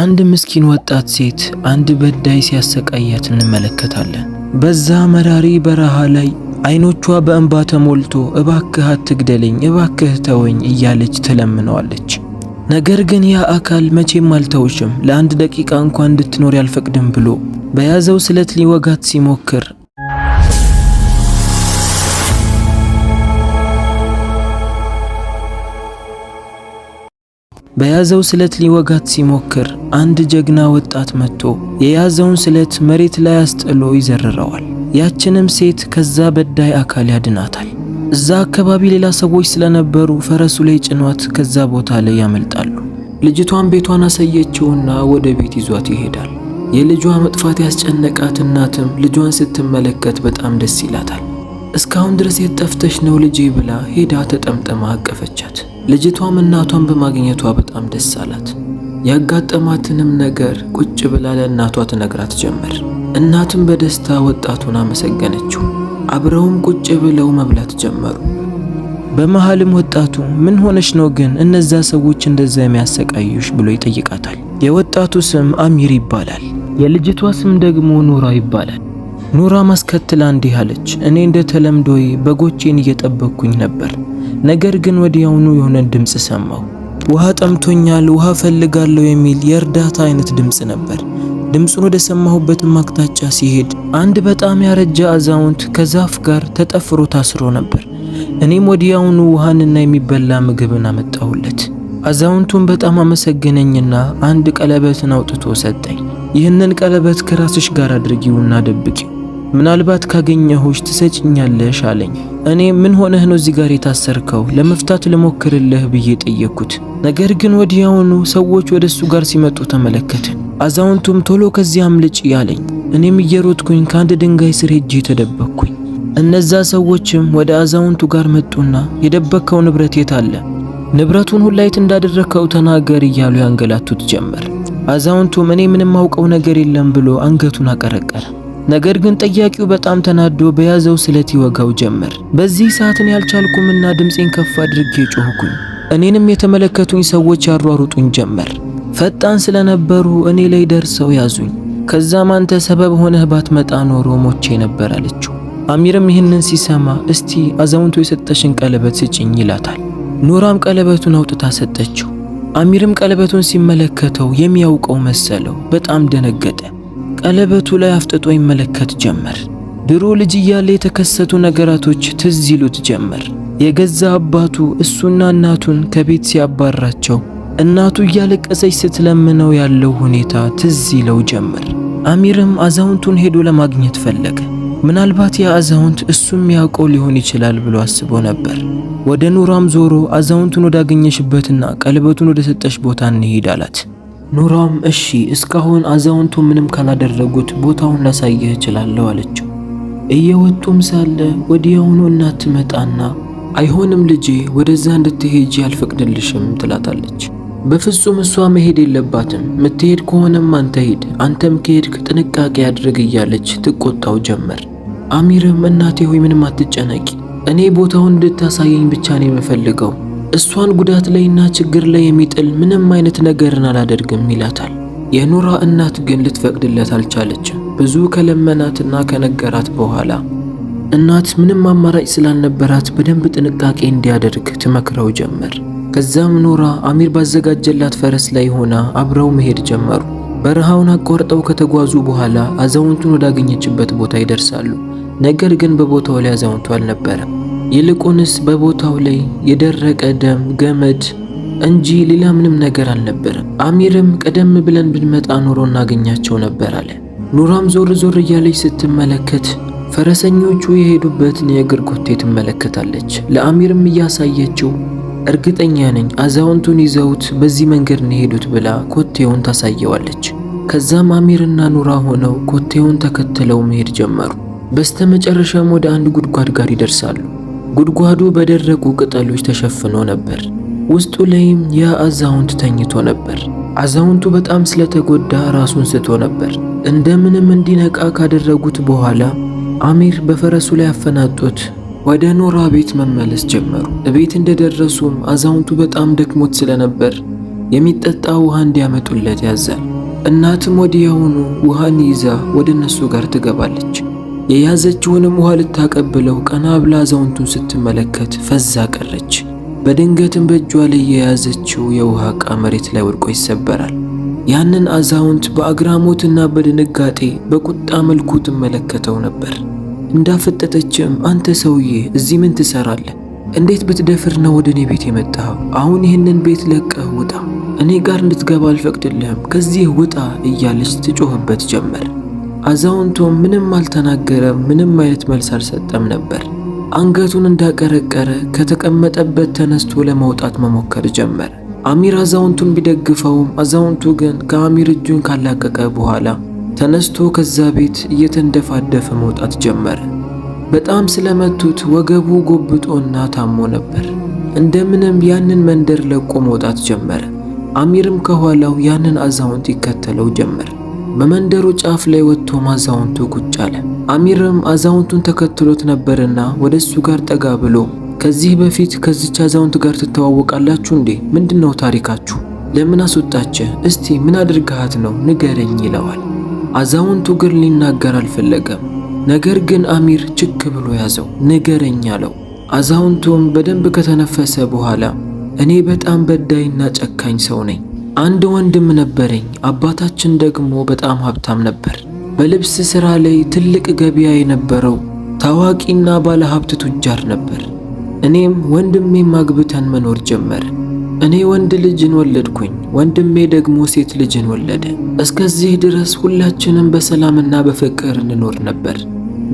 አንድ ምስኪን ወጣት ሴት አንድ በዳይ ሲያሰቃያት እንመለከታለን። በዛ መራሪ በረሃ ላይ አይኖቿ በእንባ ተሞልቶ እባክህ አትግደለኝ፣ እባክህ ተወኝ እያለች ትለምነዋለች። ነገር ግን ያ አካል መቼም አልተውሽም፣ ለአንድ ደቂቃ እንኳ እንድትኖር ያልፈቅድም ብሎ በያዘው ስለት ሊወጋት ሲሞክር በያዘው ስለት ሊወጋት ሲሞክር አንድ ጀግና ወጣት መጥቶ የያዘውን ስለት መሬት ላይ አስጥሎ ይዘርረዋል። ያችንም ሴት ከዛ በዳይ አካል ያድናታል። እዛ አካባቢ ሌላ ሰዎች ስለነበሩ ፈረሱ ላይ ጭኗት ከዛ ቦታ ላይ ያመልጣሉ። ልጅቷን ቤቷን አሳየችውና ወደ ቤት ይዟት ይሄዳል። የልጇ መጥፋት ያስጨነቃት እናትም ልጇን ስትመለከት በጣም ደስ ይላታል። እስካሁን ድረስ የት ጠፍተሽ ነው ልጄ ብላ ሄዳ ተጠምጠማ አቀፈቻት። ልጅቷም እናቷን በማግኘቷ በጣም ደስ አላት። ያጋጠማትንም ነገር ቁጭ ብላ ለእናቷ ትነግራት ጀመር። እናትም በደስታ ወጣቱን አመሰገነችው። አብረውም ቁጭ ብለው መብላት ጀመሩ። በመሃልም ወጣቱ ምን ሆነሽ ነው ግን እነዛ ሰዎች እንደዛ የሚያሰቃዩሽ ብሎ ይጠይቃታል። የወጣቱ ስም አሚር ይባላል። የልጅቷ ስም ደግሞ ኑራ ይባላል። ኑራ ማስከትላ እንዲህ አለች፣ እኔ እንደ ተለምዶዬ በጎቼን እየጠበቅኩኝ ነበር ነገር ግን ወዲያውኑ የሆነ ድምፅ ሰማሁ። ውሃ ጠምቶኛል፣ ውሃ ፈልጋለሁ የሚል የእርዳታ አይነት ድምፅ ነበር። ድምፁን ወደ ሰማሁበት አቅጣጫ ሲሄድ አንድ በጣም ያረጀ አዛውንት ከዛፍ ጋር ተጠፍሮ ታስሮ ነበር። እኔም ወዲያውኑ ውሃንና የሚበላ ምግብን አመጣሁለት። አዛውንቱን በጣም አመሰገነኝና አንድ ቀለበትን አውጥቶ ሰጠኝ። ይህንን ቀለበት ከራስሽ ጋር አድርጊውና ደብቂው ምናልባት ካገኘሁሽ ትሰጭኛለሽ አለኝ። እኔ ምን ሆነህ ነው እዚህ ጋር የታሰርከው? ለመፍታት ልሞክርልህ ብዬ ጠየቅኩት። ነገር ግን ወዲያውኑ ሰዎች ወደ እሱ ጋር ሲመጡ ተመለከተ። አዛውንቱም ቶሎ ከዚህ አምልጭ ያለኝ፣ እኔም እየሮጥኩኝ ከአንድ ድንጋይ ስር ሄጄ ተደበቅኩኝ። እነዛ ሰዎችም ወደ አዛውንቱ ጋር መጡና የደበከው ንብረት የት አለ? ንብረቱን ሁላይት እንዳደረከው ተናገር እያሉ ያንገላቱት ጀመር። አዛውንቱም እኔ ምንም አውቀው ነገር የለም ብሎ አንገቱን አቀረቀረ። ነገር ግን ጠያቂው በጣም ተናዶ በያዘው ስለት ይወጋው ጀመር። በዚህ ሰዓትን ያልቻልኩምና ድምፄን ከፍ አድርጌ ጮህኩኝ። እኔንም የተመለከቱኝ ሰዎች ያሯሩጡኝ ጀመር። ፈጣን ስለነበሩ እኔ ላይ ደርሰው ያዙኝ። ከዛም አንተ ሰበብ ሆነህ ባትመጣ ኖሮ ሞቼ ነበር አለችው። አሚርም ይህንን ሲሰማ እስቲ አዛውንቱ የሰጠሽን ቀለበት ስጭኝ ይላታል። ኖራም ቀለበቱን አውጥታ ሰጠችው። አሚርም ቀለበቱን ሲመለከተው የሚያውቀው መሰለው። በጣም ደነገጠ። ቀለበቱ ላይ አፍጥጦ ይመለከት ጀመር። ድሮ ልጅ እያለ የተከሰቱ ነገራቶች ትዝ ይሉት ጀመር። የገዛ አባቱ እሱና እናቱን ከቤት ሲያባራቸው እናቱ እያለቀሰች ስትለምነው ያለው ሁኔታ ትዝ ይለው ጀመር። አሚርም አዛውንቱን ሄዶ ለማግኘት ፈለገ። ምናልባት ያ አዛውንት እሱም ያውቀው ሊሆን ይችላል ብሎ አስቦ ነበር። ወደ ኑራም ዞሮ አዛውንቱን ወዳገኘሽበትና ቀለበቱን ወደ ሰጠሽ ቦታ እንሂድ አላት። ኑራም እሺ እስካሁን አዛውንቱ ምንም ካላደረጉት ቦታውን ላሳይህ እችላለሁ አለችው። እየወጡም ሳለ ወዲያውኑ እናት ትመጣና አይሆንም ልጄ ወደዛ እንድትሄጂ አልፈቅድልሽም ትላታለች። በፍጹም እሷ መሄድ የለባትም ምትሄድ ከሆነም አንተ ሂድ፣ አንተም ከሄድክ ጥንቃቄ አድርግ እያለች ትቆጣው ጀመር። አሚርም እናቴ ሆይ ምንም አትጨነቂ፣ እኔ ቦታውን እንድታሳየኝ ብቻ ነው የምፈልገው እሷን ጉዳት ላይና ችግር ላይ የሚጥል ምንም አይነት ነገርን አላደርግም ይላታል። የኑራ እናት ግን ልትፈቅድለት አልቻለችም። ብዙ ከለመናትና ከነገራት በኋላ እናት ምንም አማራጭ ስላልነበራት በደንብ ጥንቃቄ እንዲያደርግ ትመክረው ጀመር። ከዛም ኑራ አሚር ባዘጋጀላት ፈረስ ላይ ሆና አብረው መሄድ ጀመሩ። በረሃውን አቋርጠው ከተጓዙ በኋላ አዛውንቱን ወዳገኘችበት ቦታ ይደርሳሉ። ነገር ግን በቦታው ላይ አዛውንቱ አልነበረም። ይልቁንስ በቦታው ላይ የደረቀ ደም ገመድ እንጂ ሌላ ምንም ነገር አልነበረም። አሚርም ቀደም ብለን ብንመጣ ኑሮ እናገኛቸው ነበር አለ። ኑራም ዞር ዞር እያለች ስትመለከት ፈረሰኞቹ የሄዱበትን የእግር ኮቴ ትመለከታለች። ለአሚርም እያሳየችው እርግጠኛ ነኝ አዛውንቱን ይዘውት በዚህ መንገድ ነው የሄዱት ብላ ኮቴውን ታሳየዋለች። ከዛም አሚርና ኑራ ሆነው ኮቴውን ተከትለው መሄድ ጀመሩ። በስተመጨረሻም ወደ አንድ ጉድጓድ ጋር ይደርሳሉ። ጉድጓዱ በደረቁ ቅጠሎች ተሸፍኖ ነበር። ውስጡ ላይም ያ አዛውንት ተኝቶ ነበር። አዛውንቱ በጣም ስለተጎዳ ራሱን ስቶ ነበር። እንደምንም እንዲነቃ ካደረጉት በኋላ አሚር በፈረሱ ላይ አፈናጦት ወደ ኖራ ቤት መመለስ ጀመሩ። እቤት እንደደረሱም አዛውንቱ በጣም ደክሞት ስለነበር የሚጠጣ ውሃ እንዲያመጡለት ያዛል። እናትም ወዲያውኑ ውሃን ይዛ ወደ እነሱ ጋር ትገባለች። የያዘችውንም ውሃ ልታቀብለው ቀና ብላ አዛውንቱን ስትመለከት ፈዛ ቀረች። በድንገትም በእጇ ላይ የያዘችው የውሃ ዕቃ መሬት ላይ ወድቆ ይሰበራል። ያንን አዛውንት በአግራሞትና በድንጋጤ በቁጣ መልኩ ትመለከተው ነበር። እንዳፈጠጠችም አንተ ሰውዬ እዚህ ምን ትሰራለህ? እንዴት ብትደፍር ነው ወደ እኔ ቤት የመጣኸው? አሁን ይህንን ቤት ለቀህ ውጣ፣ እኔ ጋር እንድትገባ አልፈቅድልህም፣ ከዚህ ውጣ እያለች ትጮህበት ጀመር። አዛውንቱ ምንም አልተናገረም፣ ምንም አይነት መልስ አልሰጠም ነበር። አንገቱን እንዳቀረቀረ ከተቀመጠበት ተነስቶ ለመውጣት መሞከር ጀመረ። አሚር አዛውንቱን ቢደግፈውም አዛውንቱ ግን ከአሚር እጁን ካላቀቀ በኋላ ተነስቶ ከዛ ቤት እየተንደፋደፈ መውጣት ጀመረ። በጣም ስለመቱት ወገቡ ጎብጦና ታሞ ነበር። እንደምንም ያንን መንደር ለቆ መውጣት ጀመረ። አሚርም ከኋላው ያንን አዛውንት ይከተለው ጀመር። በመንደሩ ጫፍ ላይ ወጥቶ አዛውንቱ ቁጭ አለ። አሚርም አዛውንቱን ተከትሎት ነበርና ወደ እሱ ጋር ጠጋ ብሎ ከዚህ በፊት ከዚች አዛውንት ጋር ትተዋወቃላችሁ እንዴ? ምንድነው ታሪካችሁ? ለምን አስወጣች? እስቲ ምን አድርግሃት ነው ንገረኝ ይለዋል። አዛውንቱ ግን ሊናገር አልፈለገም። ነገር ግን አሚር ችክ ብሎ ያዘው፣ ንገረኝ አለው። አዛውንቱም በደንብ ከተነፈሰ በኋላ እኔ በጣም በዳይና ጨካኝ ሰው ነኝ አንድ ወንድም ነበረኝ። አባታችን ደግሞ በጣም ሀብታም ነበር። በልብስ ሥራ ላይ ትልቅ ገበያ የነበረው ታዋቂና ሀብት ቱጃር ነበር። እኔም ወንድሜም አግብተን መኖር ጀመር። እኔ ወንድ ልጅን ወለድኩኝ፣ ወንድሜ ደግሞ ሴት ልጅን ወለደ። እስከዚህ ድረስ ሁላችንም በሰላምና በፍቅር እንኖር ነበር።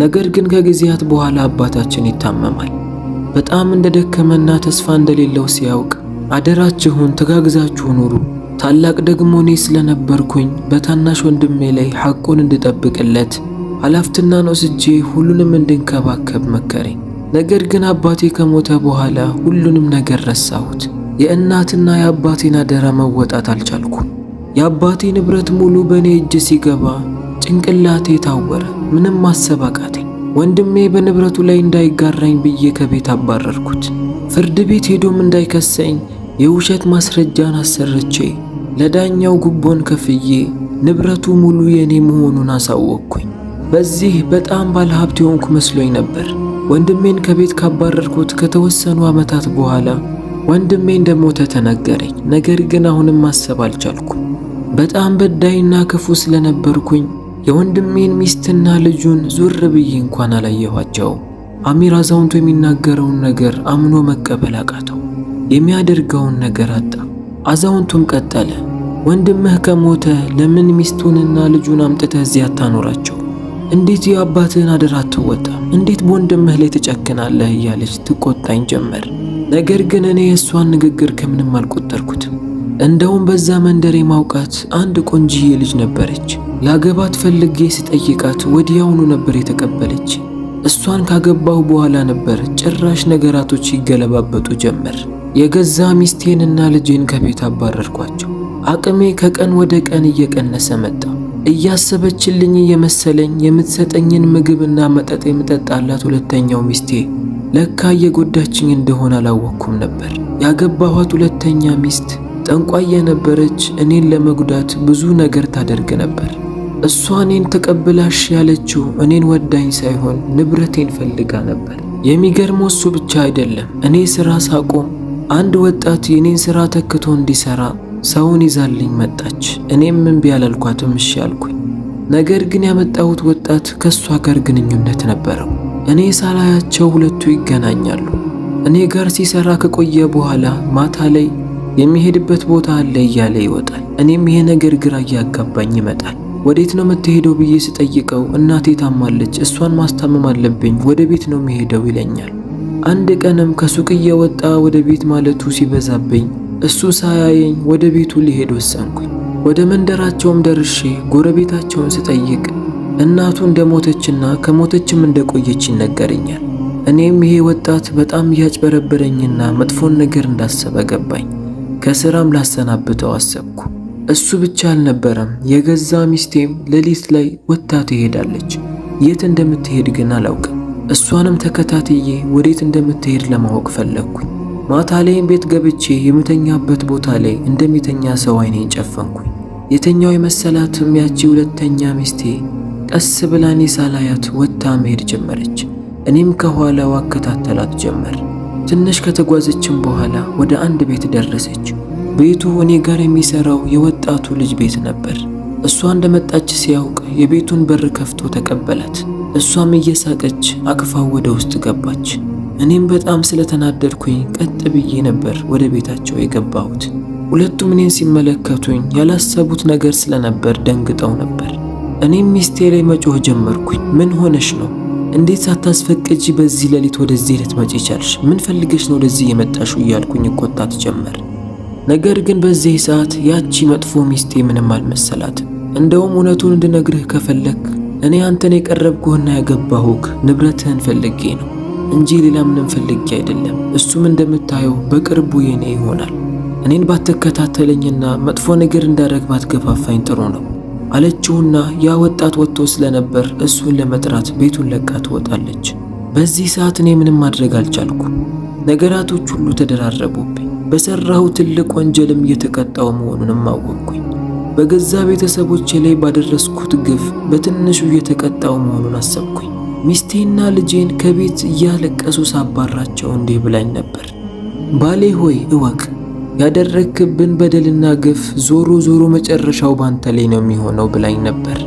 ነገር ግን ከጊዜያት በኋላ አባታችን ይታመማል። በጣም እንደደከመና ተስፋ እንደሌለው ሲያውቅ አደራችሁን ተጋግዛችሁ ኑሩ ታላቅ ደግሞ እኔ ስለነበርኩኝ በታናሽ ወንድሜ ላይ ሐቁን እንድጠብቅለት ኃላፊነትን ወስጄ ሁሉንም እንድንከባከብ መከረኝ። ነገር ግን አባቴ ከሞተ በኋላ ሁሉንም ነገር ረሳሁት። የእናትና የአባቴን አደራ መወጣት አልቻልኩም። የአባቴ ንብረት ሙሉ በእኔ እጅ ሲገባ ጭንቅላቴ ታወረ። ምንም ማሰብ አቃተኝ። ወንድሜ በንብረቱ ላይ እንዳይጋራኝ ብዬ ከቤት አባረርኩት። ፍርድ ቤት ሄዶም እንዳይከሰኝ የውሸት ማስረጃን አሰረቼ ለዳኛው ጉቦን ከፍዬ ንብረቱ ሙሉ የኔ መሆኑን አሳወቅኩኝ። በዚህ በጣም ባለሀብት የሆንኩ መስሎኝ ነበር። ወንድሜን ከቤት ካባረርኩት ከተወሰኑ ዓመታት በኋላ ወንድሜ እንደሞተ ተነገረኝ። ነገር ግን አሁንም ማሰብ አልቻልኩ። በጣም በዳይና ክፉ ስለነበርኩኝ የወንድሜን ሚስትና ልጁን ዙር ብዬ እንኳን አላየኋቸው አሚር አዛውንቱ የሚናገረውን ነገር አምኖ መቀበል አቃተው። የሚያደርገውን ነገር አጣ። አዛውንቱም ቀጠለ፣ ወንድምህ ከሞተ ለምን ሚስቱንና ልጁን አምጥተህ እዚህ አታኖራቸው? እንዴት የአባትህን አደራ አትወጣ? እንዴት በወንድምህ ላይ ትጨክናለህ? እያለች ትቆጣኝ ጀመር። ነገር ግን እኔ የእሷን ንግግር ከምንም አልቆጠርኩትም። እንደውም በዛ መንደር የማውቃት አንድ ቆንጅዬ ልጅ ነበረች። ላገባት ፈልጌ ስጠይቃት ወዲያውኑ ነበር የተቀበለች። እሷን ካገባሁ በኋላ ነበር ጭራሽ ነገራቶች ይገለባበጡ ጀመር። የገዛ ሚስቴንና ልጄን ከቤት አባረርኳቸው። አቅሜ ከቀን ወደ ቀን እየቀነሰ መጣ። እያሰበችልኝ የመሰለኝ የምትሰጠኝን ምግብና መጠጥ የምጠጣላት ሁለተኛው ሚስቴ ለካ እየጎዳችኝ እንደሆነ አላወቅኩም ነበር። ያገባኋት ሁለተኛ ሚስት ጠንቋይ የነበረች እኔን ለመጉዳት ብዙ ነገር ታደርግ ነበር። እሷ እኔን ተቀብላሽ ያለችው እኔን ወዳኝ ሳይሆን ንብረቴን ፈልጋ ነበር። የሚገርመው እሱ ብቻ አይደለም። እኔ ሥራ ሳቆም አንድ ወጣት የኔን ስራ ተክቶ እንዲሰራ ሰውን ይዛልኝ መጣች። እኔም እምቢ አላልኳትም፣ እሺ አልኩኝ። ነገር ግን ያመጣሁት ወጣት ከእሷ ጋር ግንኙነት ነበረው። እኔ ሳላያቸው ሁለቱ ይገናኛሉ። እኔ ጋር ሲሰራ ከቆየ በኋላ ማታ ላይ የሚሄድበት ቦታ አለ እያለ ይወጣል። እኔም ይሄ ነገር ግራ እያጋባኝ ይመጣል። ወዴት ነው የምትሄደው ብዬ ስጠይቀው እናቴ ታማለች፣ እሷን ማስታመም አለብኝ፣ ወደ ቤት ነው የሚሄደው ይለኛል። አንድ ቀንም ከሱቅ እየወጣ ወደ ቤት ማለቱ ሲበዛብኝ እሱ ሳያየኝ ወደ ቤቱ ሊሄድ ወሰንኩኝ። ወደ መንደራቸውም ደርሼ ጎረቤታቸውን ስጠይቅ እናቱ እንደሞተችና ከሞተችም እንደቆየች ይነገረኛል። እኔም ይሄ ወጣት በጣም እያጭበረበረኝና መጥፎን ነገር እንዳሰበ ገባኝ። ከስራም ላሰናብተው አሰብኩ። እሱ ብቻ አልነበረም፣ የገዛ ሚስቴም ሌሊት ላይ ወጥታ ትሄዳለች። የት እንደምትሄድ ግን አላውቅም። እሷንም ተከታትዬ ወዴት እንደምትሄድ ለማወቅ ፈለግኩኝ። ማታ ላይም ቤት ገብቼ የምተኛበት ቦታ ላይ እንደሚተኛ ሰው አይኔን ጨፈንኩኝ። የተኛው የመሰላትም ያቺ ሁለተኛ ሚስቴ ቀስ ብላ እኔ ሳላያት ወጥታ መሄድ ጀመረች። እኔም ከኋላዋ አከታተላት ጀመር። ትንሽ ከተጓዘችም በኋላ ወደ አንድ ቤት ደረሰች። ቤቱ እኔ ጋር የሚሰራው የወጣቱ ልጅ ቤት ነበር። እሷ እንደመጣች ሲያውቅ የቤቱን በር ከፍቶ ተቀበላት። እሷም እየሳቀች አቅፋው ወደ ውስጥ ገባች። እኔም በጣም ስለተናደድኩኝ ቀጥ ብዬ ነበር ወደ ቤታቸው የገባሁት። ሁለቱም እኔን ሲመለከቱኝ ያላሰቡት ነገር ስለነበር ደንግጠው ነበር። እኔም ሚስቴ ላይ መጮህ ጀመርኩኝ። ምን ሆነሽ ነው? እንዴት ሳታስፈቅጂ በዚህ ሌሊት ወደዚህ ልትመጪ ቻልሽ? ምን ፈልገሽ ነው ወደዚህ የመጣሹ? እያልኩኝ እቆጣት ጀመር። ነገር ግን በዚህ ሰዓት ያቺ መጥፎ ሚስቴ ምንም አልመሰላትም። እንደውም እውነቱን እንድነግርህ ከፈለክ እኔ አንተን የቀረብኩህና ያገባሁህ ንብረትህን ፈልጌ ነው እንጂ ሌላ ምንም ፈልጌ አይደለም። እሱም እንደምታየው በቅርቡ የኔ ይሆናል። እኔን ባትከታተለኝና መጥፎ ነገር እንዳደረግ ባትገፋፋኝ ጥሩ ነው አለችውና ያ ወጣት ወጥቶ ስለነበር እሱን ለመጥራት ቤቱን ለቃ ትወጣለች። በዚህ ሰዓት እኔ ምንም ማድረግ አልቻልኩ። ነገራቶች ሁሉ ተደራረቡብኝ። በሠራሁ ትልቅ ወንጀልም እየተቀጣው መሆኑንም አወቅኩኝ። በገዛ ቤተሰቦቼ ላይ ባደረስኩት ግፍ በትንሹ እየተቀጣው መሆኑን አሰብኩኝ። ሚስቴና ልጄን ከቤት እያለቀሱ ሳባራቸው እንዲህ ብላኝ ነበር። ባሌ ሆይ እወቅ፣ ያደረግክብን በደልና ግፍ ዞሮ ዞሮ መጨረሻው ባንተ ላይ ነው የሚሆነው ብላኝ ነበር።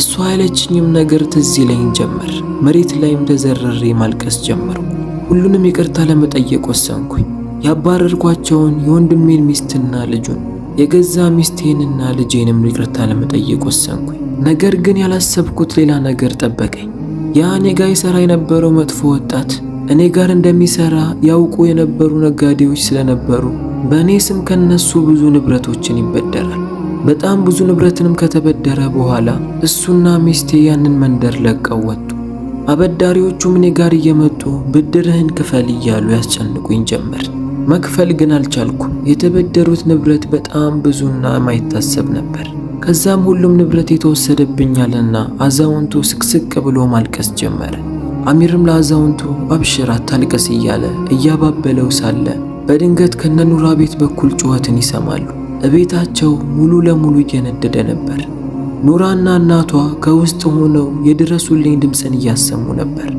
እሷ ያለችኝም ነገር ትዝ ይለኝ ጀመር። መሬት ላይም ተዘረሬ ማልቀስ ጀመሩ። ሁሉንም ይቅርታ ለመጠየቅ ወሰንኩኝ። ያባረርኳቸውን የወንድሜን ሚስትና ልጁን የገዛ ሚስቴንና ልጄንም ይቅርታ ለመጠየቅ ወሰንኩኝ። ነገር ግን ያላሰብኩት ሌላ ነገር ጠበቀኝ። ያ እኔ ጋር ይሰራ የነበረው መጥፎ ወጣት እኔ ጋር እንደሚሰራ ያውቁ የነበሩ ነጋዴዎች ስለነበሩ በእኔ ስም ከነሱ ብዙ ንብረቶችን ይበደራል። በጣም ብዙ ንብረትንም ከተበደረ በኋላ እሱና ሚስቴ ያንን መንደር ለቀው ወጡ። አበዳሪዎቹም እኔ ጋር እየመጡ ብድርህን ክፈል እያሉ ያስጨንቁኝ ጀመር። መክፈል ግን አልቻልኩም። የተበደሩት ንብረት በጣም ብዙና ማይታሰብ ነበር። ከዛም ሁሉም ንብረት የተወሰደብኛልና አዛውንቱ ስቅስቅ ብሎ ማልቀስ ጀመረ። አሚርም ለአዛውንቱ አብሽር አታልቀስ እያለ እያባበለው ሳለ በድንገት ከነኑራ ቤት በኩል ጩኸትን ይሰማሉ። እቤታቸው ሙሉ ለሙሉ እየነደደ ነበር። ኑራና እናቷ ከውስጥ ሆነው የድረሱልኝ ድምፅን እያሰሙ ነበር።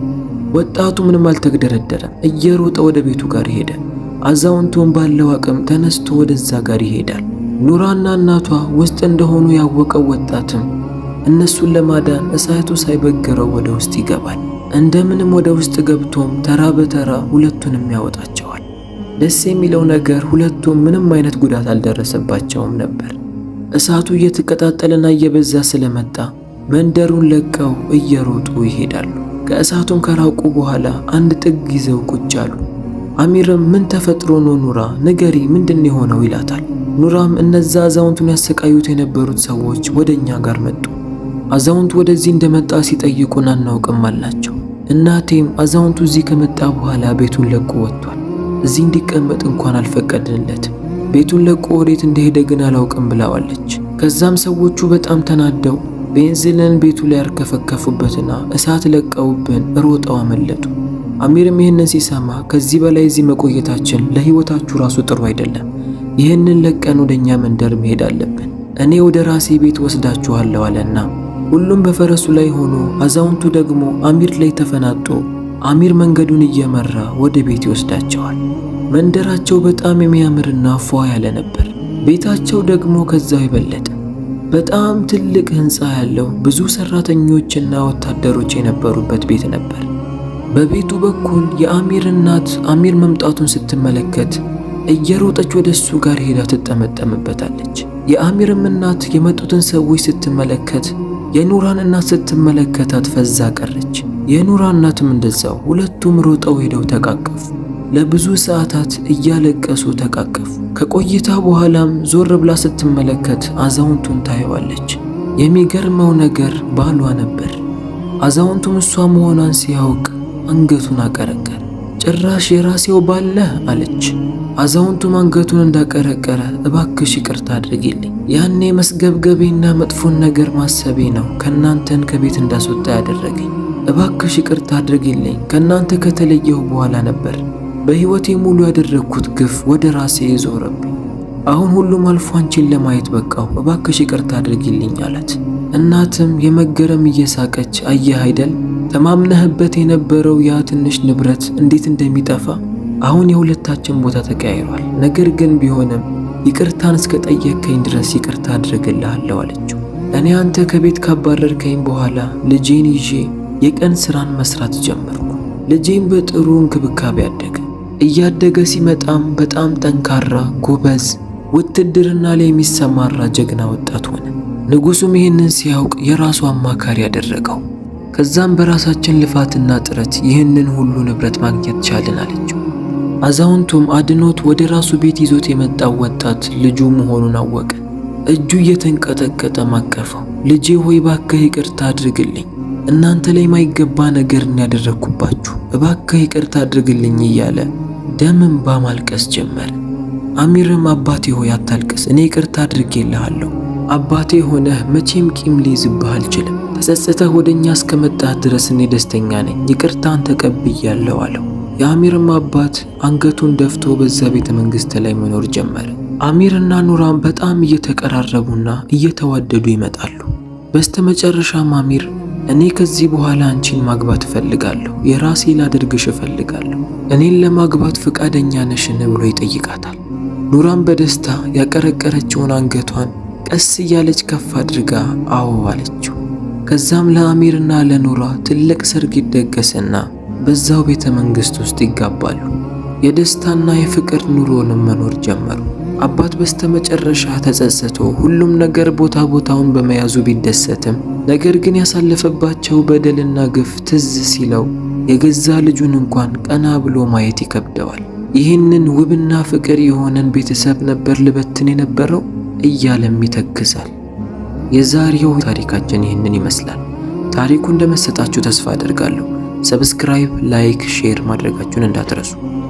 ወጣቱ ምንም አልተግደረደረም። እየሮጠ ወደ ቤቱ ጋር ሄደ። አዛውንቱን ባለው አቅም ተነስቶ ወደዛ ጋር ይሄዳል። ኑራና እናቷ ውስጥ እንደሆኑ ያወቀው ወጣትም እነሱን ለማዳን እሳቱ ሳይበግረው ወደ ውስጥ ይገባል። እንደምንም ወደ ውስጥ ገብቶም ተራ በተራ ሁለቱንም ያወጣቸዋል። ደስ የሚለው ነገር ሁለቱም ምንም አይነት ጉዳት አልደረሰባቸውም ነበር። እሳቱ እየተቀጣጠለና እየበዛ ስለመጣ መንደሩን ለቀው እየሮጡ ይሄዳሉ። ከእሳቱም ከራቁ በኋላ አንድ ጥግ ይዘው ቁጭ አሉ። አሚርም ምን ተፈጥሮ ነው ኑራ ንገሪ፣ ምንድን የሆነው ይላታል። ኑራም እነዛ አዛውንቱን ያሰቃዩት የነበሩት ሰዎች ወደ እኛ ጋር መጡ። አዛውንቱ ወደዚህ እንደመጣ ሲጠይቁን አናውቅም አላቸው። እናቴም አዛውንቱ እዚህ ከመጣ በኋላ ቤቱን ለቆ ወጥቷል። እዚህ እንዲቀመጥ እንኳን አልፈቀድንለት። ቤቱን ለቆ ወዴት እንደሄደ ግን አላውቅም ብላዋለች። ከዛም ሰዎቹ በጣም ተናደው ቤንዚልን ቤቱ ላይ ያርከፈከፉበትና እሳት ለቀውብን ሮጠው አመለጡ። አሚርም ይህንን ሲሰማ ከዚህ በላይ እዚህ መቆየታችን ለሕይወታችሁ ራሱ ጥሩ አይደለም፣ ይህንን ለቀን ወደ እኛ መንደር መሄድ አለብን፣ እኔ ወደ ራሴ ቤት ወስዳችኋለሁ አለና ሁሉም በፈረሱ ላይ ሆኖ አዛውንቱ ደግሞ አሚር ላይ ተፈናጦ አሚር መንገዱን እየመራ ወደ ቤት ይወስዳቸዋል። መንደራቸው በጣም የሚያምርና ፏ ያለ ነበር። ቤታቸው ደግሞ ከዛው የበለጠ በጣም ትልቅ ሕንፃ ያለው ብዙ ሰራተኞችና ወታደሮች የነበሩበት ቤት ነበር። በቤቱ በኩል የአሚር እናት አሚር መምጣቱን ስትመለከት እየሮጠች ወደ እሱ ጋር ሄዳ ትጠመጠምበታለች። የአሚርም እናት የመጡትን ሰዎች ስትመለከት የኑራን እናት ስትመለከታት ፈዛ ቀረች። የኑራ እናትም እንደዛው። ሁለቱም ሮጠው ሄደው ተቃቀፉ። ለብዙ ሰዓታት እያለቀሱ ተቃቀፉ። ከቆይታ በኋላም ዞር ብላ ስትመለከት አዛውንቱን ታየዋለች። የሚገርመው ነገር ባሏ ነበር። አዛውንቱም እሷ መሆኗን ሲያውቅ አንገቱን አቀረቀረ። ጭራሽ የራሴው ባለ አለች። አዛውንቱም አንገቱን እንዳቀረቀረ እባክሽ ይቅርታ አድርጊልኝ፣ ያኔ መስገብገቤና መጥፎን ነገር ማሰቤ ነው ከእናንተን ከቤት እንዳስወጣ ያደረገኝ። እባክሽ ይቅርታ አድርጊልኝ፣ ከእናንተ ከተለየሁ በኋላ ነበር በሕይወቴ ሙሉ ያደረግኩት ግፍ ወደ ራሴ ይዞረብኝ። አሁን ሁሉም አልፎ አንቺን ለማየት በቃሁ፣ እባክሽ ይቅርታ አድርጊልኝ አላት። እናትም የመገረም እየሳቀች አየህ አይደል ተማምነህበት የነበረው ያ ትንሽ ንብረት እንዴት እንደሚጠፋ አሁን የሁለታችን ቦታ ተቀያይሯል። ነገር ግን ቢሆንም ይቅርታን እስከ ጠየቅከኝ ድረስ ይቅርታ አድርግልሃለሁ አለችው። እኔ አንተ ከቤት ካባረርከኝ በኋላ ልጄን ይዤ የቀን ሥራን መሥራት ጀመርኩ። ልጄን በጥሩ እንክብካቤ አደገ። እያደገ ሲመጣም በጣም ጠንካራ፣ ጎበዝ፣ ውትድርና ላይ የሚሰማራ ጀግና ወጣት ሆነ። ንጉሡም ይህንን ሲያውቅ የራሱ አማካሪ ያደረገው ከዛም በራሳችን ልፋትና ጥረት ይህንን ሁሉ ንብረት ማግኘት ቻልን አለችው። አዛውንቱም አድኖት ወደ ራሱ ቤት ይዞት የመጣው ወጣት ልጁ መሆኑን አወቀ። እጁ እየተንቀጠቀጠ ማቀፈው። ልጄ ሆይ ባከ ይቅርታ አድርግልኝ፣ እናንተ ላይ ማይገባ ነገር ያደረግኩባችሁ፣ እባክህ ይቅርታ አድርግልኝ እያለ ደም እንባ ማልቀስ ጀመረ። አሚርም አባቴ ሆይ አታልቅስ፣ እኔ ይቅርታ አድርጌልሃለሁ አባቴ ሆነህ መቼም ቂም ሊይዝብህ አልችልም። ተጸጽተህ ወደ እኛ እስከመጣህ ድረስ እኔ ደስተኛ ነኝ፣ ይቅርታን ተቀብያለሁ አለው። የአሚርም አባት አንገቱን ደፍቶ በዛ ቤተ መንግሥት ላይ መኖር ጀመረ። አሚርና ኑራም በጣም እየተቀራረቡና እየተዋደዱ ይመጣሉ። በስተ መጨረሻም አሚር እኔ ከዚህ በኋላ አንቺን ማግባት እፈልጋለሁ፣ የራሴ ላደርግሽ እፈልጋለሁ፣ እኔን ለማግባት ፈቃደኛ ነሽን ብሎ ይጠይቃታል። ኑራም በደስታ ያቀረቀረችውን አንገቷን ቀስ እያለች ከፍ አድርጋ አወዋለችው። ከዛም ለአሚርና ለኑራ ትልቅ ሰርግ ይደገስና በዛው ቤተ መንግሥት ውስጥ ይጋባሉ። የደስታና የፍቅር ኑሮንም መኖር ጀመሩ። አባት በስተመጨረሻ ተጸጽቶ ሁሉም ነገር ቦታ ቦታውን በመያዙ ቢደሰትም ነገር ግን ያሳለፈባቸው በደልና ግፍ ትዝ ሲለው የገዛ ልጁን እንኳን ቀና ብሎ ማየት ይከብደዋል። ይህንን ውብና ፍቅር የሆነን ቤተሰብ ነበር ልበትን የነበረው። እያለም ይተክዛል። የዛሬው ታሪካችን ይህንን ይመስላል። ታሪኩ እንደመሰጣችሁ ተስፋ አደርጋለሁ። ሰብስክራይብ፣ ላይክ፣ ሼር ማድረጋችሁን እንዳትረሱ።